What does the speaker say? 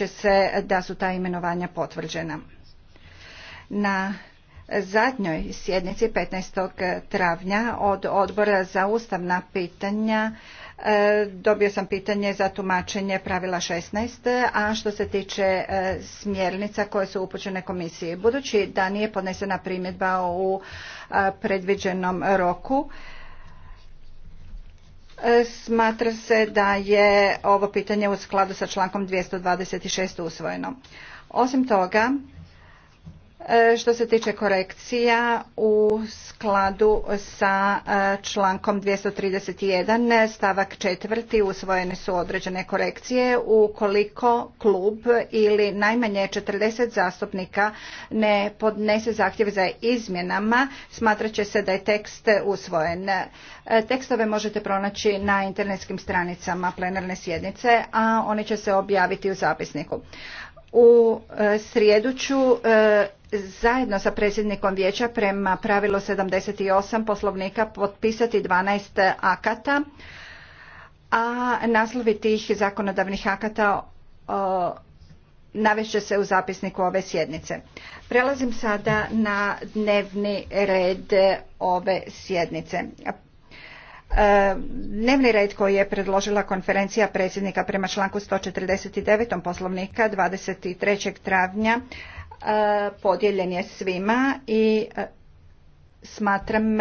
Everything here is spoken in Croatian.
će se da su ta imenovanja potvrđena. Na zadnjoj sjednici 15. travnja od odbora za ustavna pitanja e, dobio sam pitanje za tumačenje pravila 16, a što se tiče e, smjernica koje su upućene komisiji. Budući da nije podnesena primjedba u e, predviđenom roku, E, smatra se da je ovo pitanje u skladu sa člankom 226 usvojeno. Osim toga, E, što se tiče korekcija u skladu sa e, člankom 231 stavak 4. usvojene su određene korekcije ukoliko klub ili najmanje 40 zastupnika ne podnese zahtjev za izmjenama smatrat će se da je tekst usvojen. E, tekstove možete pronaći na internetskim stranicama plenarne sjednice, a oni će se objaviti u zapisniku. U srijedu zajedno sa predsjednikom vijeća prema pravilu 78 poslovnika potpisati 12 akata, a naslovi tih zakonodavnih akata navešće se u zapisniku ove sjednice. Prelazim sada na dnevni red ove sjednice. E, dnevni red koji je predložila konferencija predsjednika prema članku 149. poslovnika 23. travnja podijeljen je svima i e, smatram